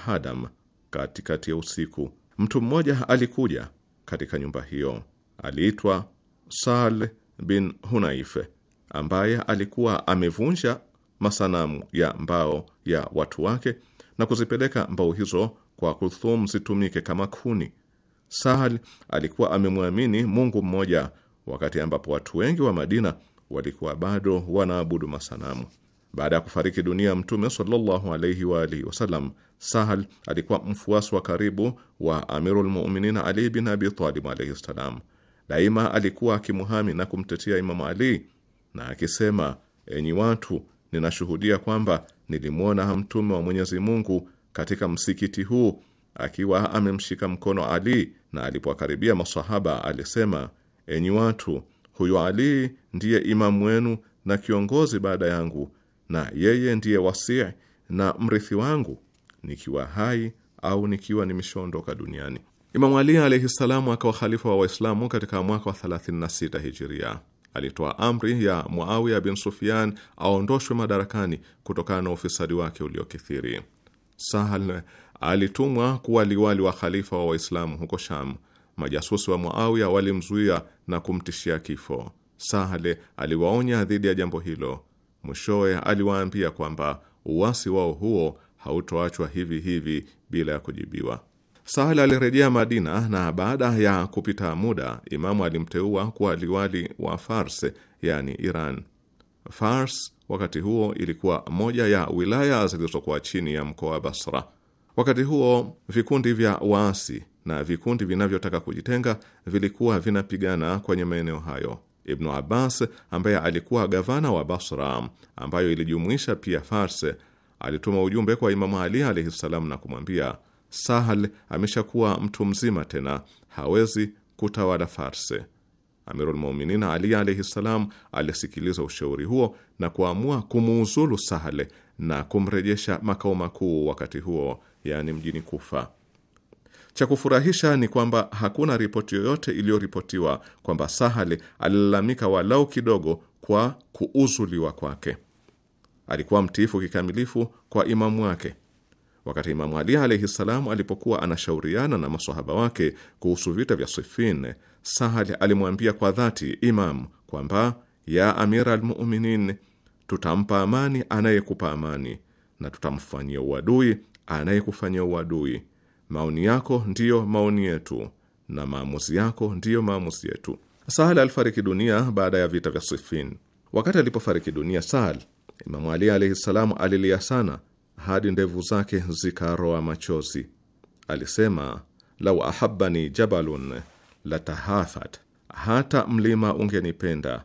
Hadam katikati ya usiku. Mtu mmoja alikuja katika nyumba hiyo, aliitwa Sal bin Hunaife ambaye alikuwa amevunja masanamu ya mbao ya watu wake na kuzipeleka mbao hizo kwa Kuthum zitumike kama kuni. Sahal alikuwa amemwamini Mungu mmoja wakati ambapo watu wengi wa Madina walikuwa bado wanaabudu masanamu. Baada ya kufariki dunia Mtume sallallahu alaihi wa alihi wasallam, Sahal alikuwa mfuasi wa karibu wa Amirul Mu'minin Ali bin Abi Talib alaihi salam. Daima alikuwa akimuhami na kumtetea Imamu Ali na akisema, enyi watu, ninashuhudia kwamba nilimwona mtume wa Mwenyezi Mungu katika msikiti huu akiwa amemshika mkono Ali, na alipowakaribia masahaba alisema, enyi watu, huyu Ali ndiye imamu wenu na kiongozi baada yangu, na yeye ndiye wasii na mrithi wangu, nikiwa hai au nikiwa nimeshaondoka duniani. Imamu Ali alaihi salamu akawa khalifa wa Waislamu katika mwaka wa 36 hijiria alitoa amri ya Muawiya bin Sufyan aondoshwe madarakani kutokana na ufisadi wake uliokithiri. Sahal alitumwa kuwa liwali wa khalifa wa Waislamu huko Sham. Majasusi wa Muawiya walimzuia na kumtishia kifo. Sahal aliwaonya dhidi ya jambo hilo. Mwishowe aliwaambia kwamba uasi wao huo hautoachwa hivi hivi bila ya kujibiwa. Sahal alirejea Madina na baada ya kupita muda, Imamu alimteua kuwa liwali wa Fars, yani Iran. Fars wakati huo ilikuwa moja ya wilaya zilizokuwa chini ya mkoa wa Basra. Wakati huo vikundi vya waasi na vikundi vinavyotaka kujitenga vilikuwa vinapigana kwenye maeneo hayo. Ibnu Abbas ambaye alikuwa gavana wa Basra ambayo ilijumuisha pia Fars, alituma ujumbe kwa Imamu Ali alaihi ssalam na kumwambia Sahal ameshakuwa mtu mzima tena, hawezi kutawala Farse. Amirulmuminin Ali alaihi ssalam alisikiliza ushauri huo na kuamua kumuuzulu Sahal na kumrejesha makao makuu wakati huo, yani mjini Kufa. Cha kufurahisha ni kwamba hakuna ripoti yoyote iliyoripotiwa kwamba Sahal alilalamika walau kidogo kwa kuuzuliwa kwake. Alikuwa mtiifu kikamilifu kwa imamu wake. Wakati Imamu Ali alaihi ssalam alipokuwa anashauriana na masahaba wake kuhusu vita vya Sifin, Sahal alimwambia kwa dhati imam kwamba ya amira almuminin, tutampa amani anayekupa amani na tutamfanyia uadui anayekufanyia uadui. Maoni yako ndiyo maoni yetu na maamuzi yako ndiyo maamuzi yetu. Sahal alifariki dunia baada ya vita vya Sifin. Wakati alipofariki dunia Sahal, Imamu Ali alaihi ssalam alilia sana hadi ndevu zake zikaroa machozi. Alisema, lau ahabani jabalun la tahafat, hata mlima ungenipenda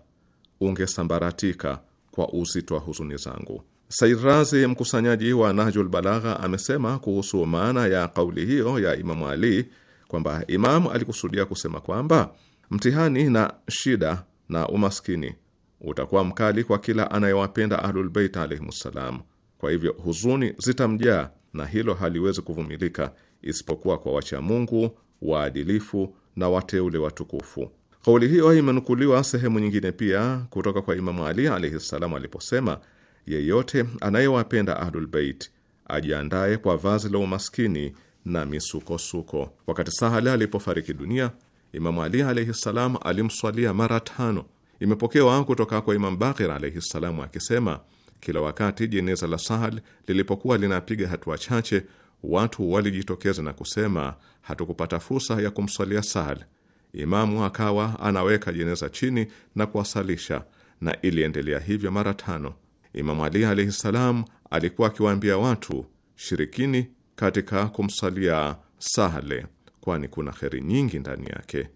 ungesambaratika kwa uzito wa huzuni zangu. Sairazi, mkusanyaji wa Nahjul Balagha, amesema kuhusu maana ya kauli hiyo ya Imamu Ali kwamba Imamu alikusudia kusema kwamba mtihani na shida na umaskini utakuwa mkali kwa kila anayewapenda Ahlulbeit ssalam. Kwa hivyo huzuni zitamjaa na hilo haliwezi kuvumilika isipokuwa kwa wachamungu waadilifu na wateule watukufu. Kauli hiyo imenukuliwa sehemu nyingine pia kutoka kwa Imamu Ali alaihi ssalam aliposema, yeyote anayewapenda Ahlulbeit ajiandaye kwa vazi la umaskini na misukosuko. Wakati Sahale alipofariki dunia, Imamu Ali alaihi ssalam alimswalia mara tano. Imepokewa kutoka kwa Imamu Bakir alaihi ssalam akisema kila wakati jeneza la Sahal lilipokuwa linapiga hatua chache, watu walijitokeza na kusema, hatukupata fursa ya kumswalia Sahal. Imamu akawa anaweka jeneza chini na kuwasalisha, na iliendelea hivyo mara tano. Imamu Ali alaihi salam alikuwa akiwaambia watu, shirikini katika kumsalia Sahale, kwani kuna kheri nyingi ndani yake.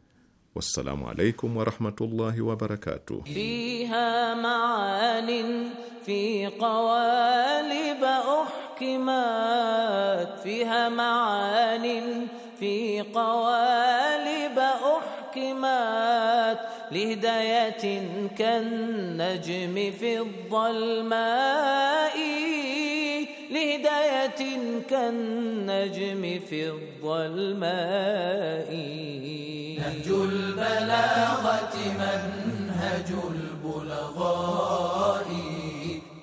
wassalamu alaikum warahmatullahi wabarakatuh. fiha maanin fi qawaliba uhkimat fiha maanin في قوالب أحكمات لهداية كالنجم في الظلماء بهداية كالنجم في الظلماء نهج البلاغة منهج البلغاء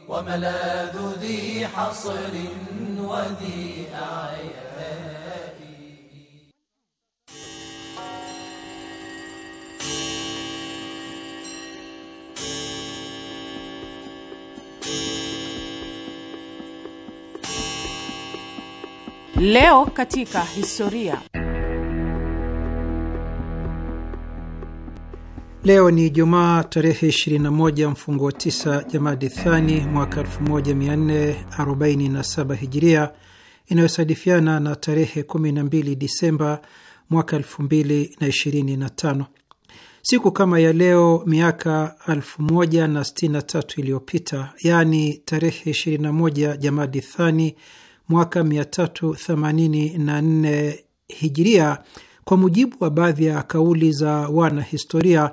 وملاذ ذي حصر وذي أعيان Leo katika historia. Leo ni Jumaa tarehe 21 mfungo wa 9 Jamadi Thani mwaka 1447 Hijiria, inayosadifiana na tarehe 12 Disemba mwaka 2025. Siku kama ya leo miaka 1063 iliyopita, yaani tarehe 21 Jamadi Thani mwaka 384 hijiria. Kwa mujibu wa baadhi ya kauli za wanahistoria,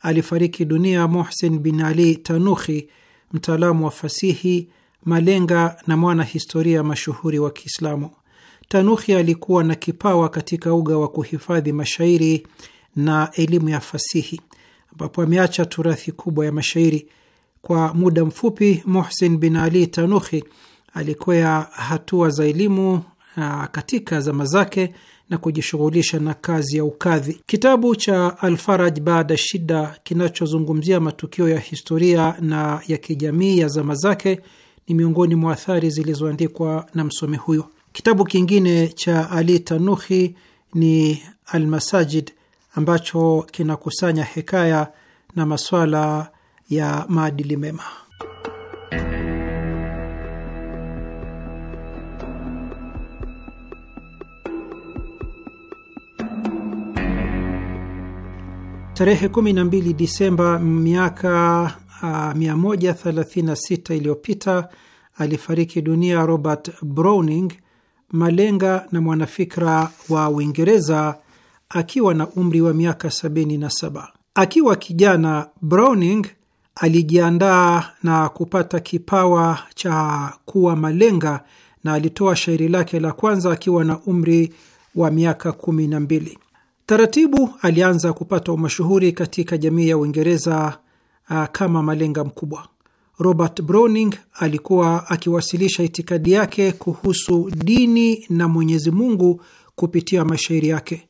alifariki dunia Mohsen bin Ali Tanuhi, mtaalamu wa fasihi, malenga na mwanahistoria mashuhuri wa Kiislamu. Tanuhi alikuwa na kipawa katika uga wa kuhifadhi mashairi na elimu ya fasihi, ambapo ameacha turathi kubwa ya mashairi. Kwa muda mfupi, Mohsen bin Ali Tanuhi alikwea hatua za elimu ah, katika zama zake na kujishughulisha na kazi ya ukadhi. Kitabu cha Alfaraj baada shida kinachozungumzia matukio ya historia na ya kijamii ya zama zake ni miongoni mwa athari zilizoandikwa na msomi huyo. Kitabu kingine cha Ali Tanuhi ni Almasajid ambacho kinakusanya hekaya na maswala ya maadili mema. Tarehe 12 Disemba miaka uh, 136 iliyopita alifariki dunia Robert Browning, malenga na mwanafikra wa Uingereza akiwa na umri wa miaka 77. Akiwa kijana, Browning alijiandaa na kupata kipawa cha kuwa malenga na alitoa shairi lake la kwanza akiwa na umri wa miaka kumi na mbili Taratibu alianza kupata umashuhuri katika jamii ya Uingereza uh, kama malenga mkubwa. Robert Browning alikuwa akiwasilisha itikadi yake kuhusu dini na Mwenyezi Mungu kupitia mashairi yake.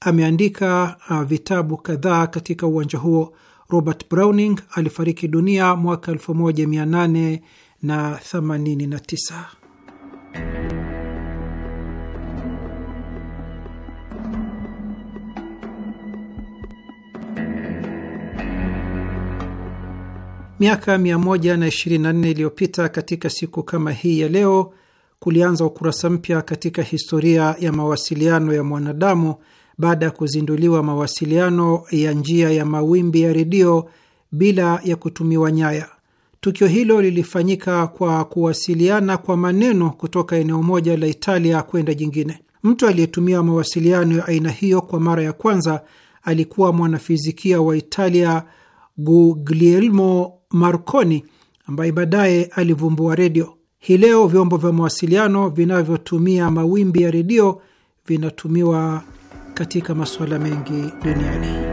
Ameandika uh, vitabu kadhaa katika uwanja huo. Robert Browning alifariki dunia mwaka 1889. Miaka 124 iliyopita katika siku kama hii ya leo kulianza ukurasa mpya katika historia ya mawasiliano ya mwanadamu baada ya kuzinduliwa mawasiliano ya njia ya mawimbi ya redio bila ya kutumiwa nyaya. Tukio hilo lilifanyika kwa kuwasiliana kwa maneno kutoka eneo moja la Italia kwenda jingine. Mtu aliyetumia mawasiliano ya aina hiyo kwa mara ya kwanza alikuwa mwanafizikia wa Italia Guglielmo Marconi ambaye baadaye alivumbua redio. Hii leo vyombo vya mawasiliano vinavyotumia mawimbi ya redio vinatumiwa katika masuala mengi duniani.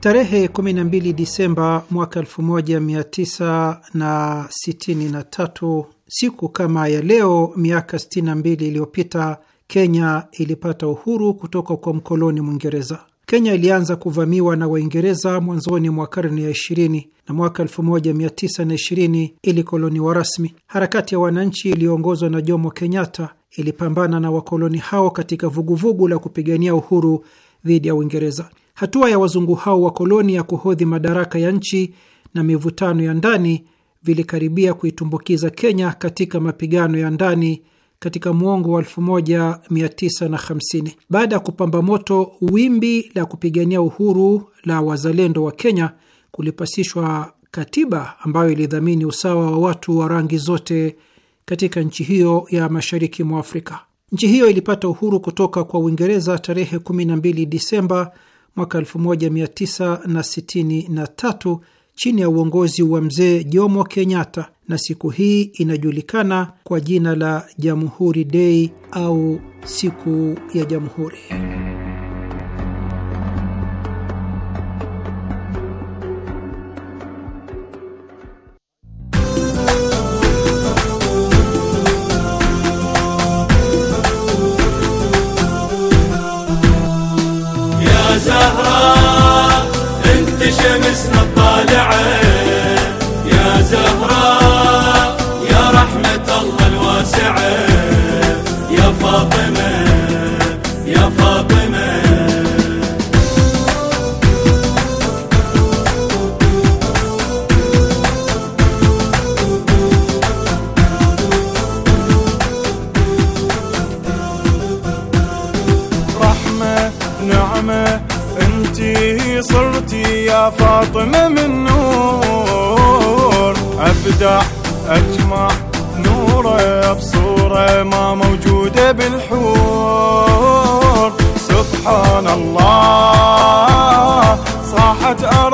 Tarehe 12 Disemba mwaka 1963 siku kama ya leo miaka 62 iliyopita Kenya ilipata uhuru kutoka kwa mkoloni Mwingereza. Kenya ilianza kuvamiwa na Waingereza mwanzoni mwa karne ya 20 na mwaka 1920 ilikoloniwa rasmi. Harakati ya wananchi iliyoongozwa na Jomo Kenyatta ilipambana na wakoloni hao katika vuguvugu la kupigania uhuru dhidi ya Uingereza. Hatua ya wazungu hao wakoloni ya kuhodhi madaraka ya nchi na mivutano ya ndani vilikaribia kuitumbukiza Kenya katika mapigano ya ndani katika mwongo wa 1950. Baada ya kupamba moto wimbi la kupigania uhuru la wazalendo wa Kenya, kulipasishwa katiba ambayo ilidhamini usawa wa watu wa rangi zote katika nchi hiyo ya mashariki mwa Afrika. Nchi hiyo ilipata uhuru kutoka kwa Uingereza tarehe 12 Disemba mwaka 1963 chini ya uongozi wa mzee Jomo Kenyatta, na siku hii inajulikana kwa jina la Jamhuri Dei au siku ya Jamhuri. يا فاطمة من نور أبدع أجمع نوره بصورة ما موجودة بالحور سبحان الله صاحت أرض